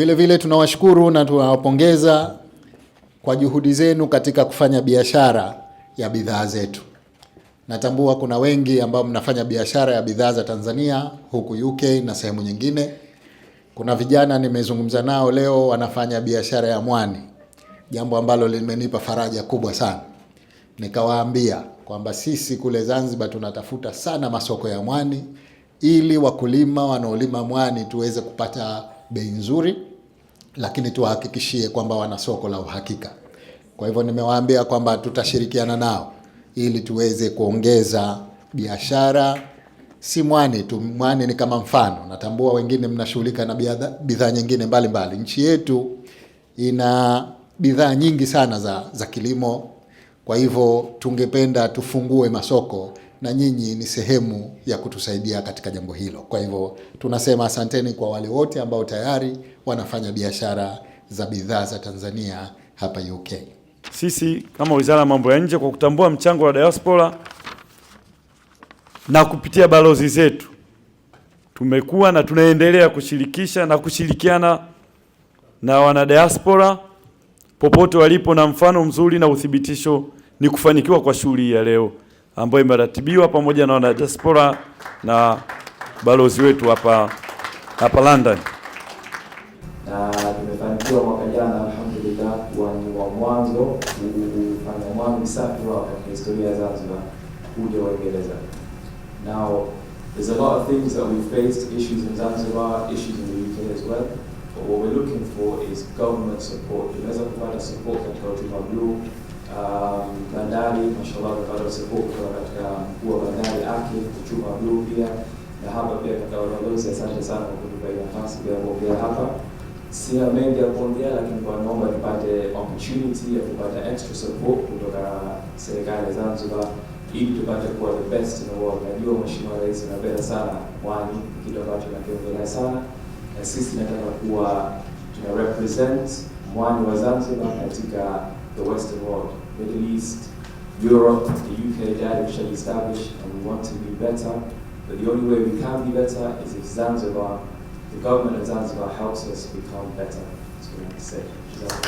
Vile vile tunawashukuru na tunawapongeza kwa juhudi zenu katika kufanya biashara ya bidhaa zetu. Natambua kuna wengi ambao mnafanya biashara ya bidhaa za Tanzania huku UK na sehemu nyingine. Kuna vijana nimezungumza nao leo wanafanya biashara ya mwani, jambo ambalo limenipa faraja kubwa sana. Nikawaambia kwamba sisi kule Zanzibar tunatafuta sana masoko ya mwani ili wakulima wanaolima mwani tuweze kupata bei nzuri lakini tuwahakikishie kwamba wana soko la uhakika. Kwa hivyo nimewaambia kwamba tutashirikiana nao ili tuweze kuongeza biashara, si mwani tu. Mwani ni kama mfano, natambua wengine mnashughulika na bidhaa nyingine mbalimbali Nchi yetu ina bidhaa nyingi sana za, za kilimo. Kwa hivyo tungependa tufungue masoko na nyinyi ni sehemu ya kutusaidia katika jambo hilo. Kwa hivyo tunasema asanteni kwa wale wote ambao tayari wanafanya biashara za bidhaa za Tanzania hapa UK. Sisi kama Wizara ya Mambo ya Nje kwa kutambua mchango wa diaspora na kupitia balozi zetu tumekuwa na tunaendelea kushirikisha na kushirikiana na wanadiaspora popote walipo, na mfano mzuri na uthibitisho ni kufanikiwa kwa shughuli ya leo ambayo imeratibiwa pamoja na wanadiaspora na balozi wetu hapa hapa London, na tumefanikiwa mwaka jana alhamdulillah, kuwa ni wa mwanzo kufanya mwanzo safi wa katika historia ya Zanzibar kuja Waingereza. Now there's a lot of things that we faced issues in Zanzibar, issues in the UK as well but what we're looking for is government support. Tunaweza kupata support katika utamaduni bandari um, mashallah amepata usepuko kutoka katika mkuu wa bandari aki kuchuma bluu pia na hapa pia katika uongozi. Asante sana kwa kutupa hii nafasi pia kuongea hapa. Sina mengi ya kuongea, lakini kwa naomba nipate opportunity ya kupata extra support kutoka serikali ya Zanzibar ili tupate kuwa the best in the world. Najua mheshimiwa rais anapenda sana pwani, kitu ambacho nakiongelea sana, na sisi nataka kuwa tuna represent One wa Zanzibar katika the western world, Middle East, Europe, the UK That we shall establish, and we want to be better. But the only way we can be better is if Zanzibar, the government of Zanzibar helps us become better. That's I say.